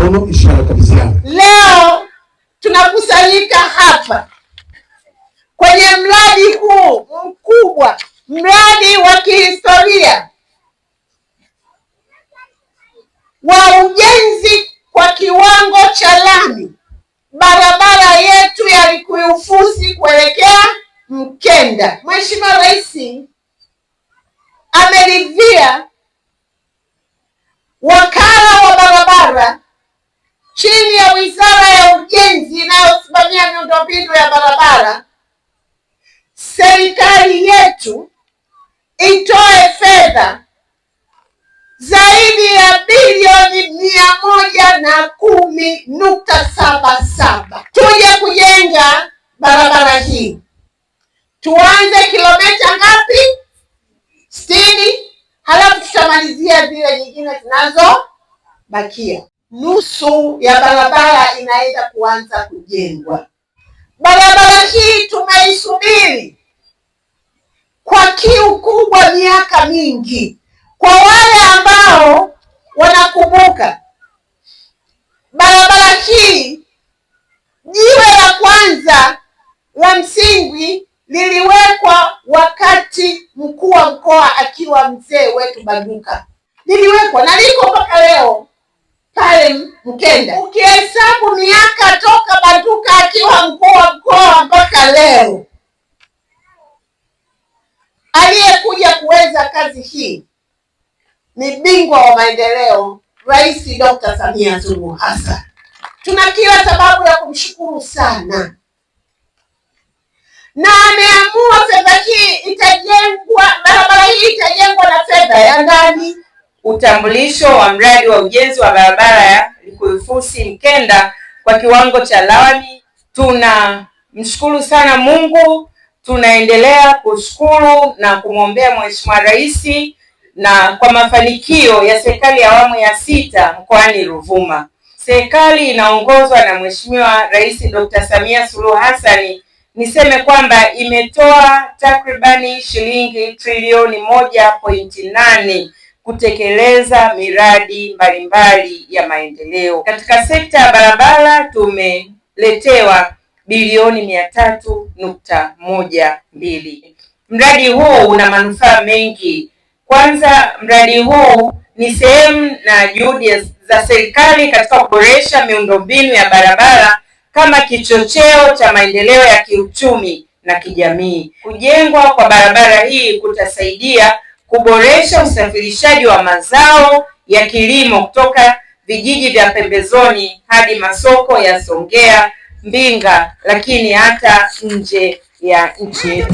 mikono, ishara kabisiana. Leo tunakusanyika hapa kwenye mradi huu mkubwa, mradi wa kihistoria wa ujenzi kwa kiwango cha lami barabara yetu ya Likuyu kuelekea Mkenda. Mheshimiwa Rais ameridhia wakala wa barabara chini ya Wizara ya Ujenzi inayosimamia miundombinu ya barabara, serikali yetu itoe fedha zaidi ya bilioni mia moja na kumi nukta saba saba tuje kujenga barabara hii. Tuanze kilomita ngapi? Sitini. Halafu tutamalizia zile nyingine zinazobakia nusu ya barabara inaenda kuanza kujengwa. Barabara hii tumeisubiri kwa kiu kubwa miaka mingi. Kwa wale ambao wanakumbuka, barabara hii jiwe la kwanza la msingi liliwekwa wakati mkuu wa mkoa akiwa mzee wetu banduka liliwekwa na liko mpaka leo pale Mkenda, ukihesabu miaka toka Batuka akiwa mkuu wa mkoa mpaka leo, aliyekuja kuweza kazi hii ni bingwa wa maendeleo, Rais Dr. Samia Suluhu Hassan. Tuna kila sababu ya kumshukuru sana, na ameamua fedha hii itajengwa, barabara hii itajengwa na fedha ya ndani utambulisho wa mradi wa ujenzi wa barabara ya Likuyufusi Mkenda kwa kiwango cha lami. Tunamshukuru sana Mungu, tunaendelea kushukuru na kumwombea Mheshimiwa Rais na kwa mafanikio ya serikali ya awamu ya sita mkoani Ruvuma. Serikali inaongozwa na Mheshimiwa Rais Dr. Samia Suluhu Hassan, niseme kwamba imetoa takribani shilingi trilioni moja pointi nane kutekeleza miradi mbalimbali ya maendeleo. Katika sekta ya barabara tumeletewa bilioni mia tatu nukta moja mbili. Mradi huu una manufaa mengi. Kwanza, mradi huu ni sehemu na juhudi za serikali katika kuboresha miundombinu ya barabara kama kichocheo cha maendeleo ya kiuchumi na kijamii. Kujengwa kwa barabara hii kutasaidia kuboresha usafirishaji wa mazao ya kilimo kutoka vijiji vya pembezoni hadi masoko ya Songea, Mbinga, lakini hata nje ya nchi.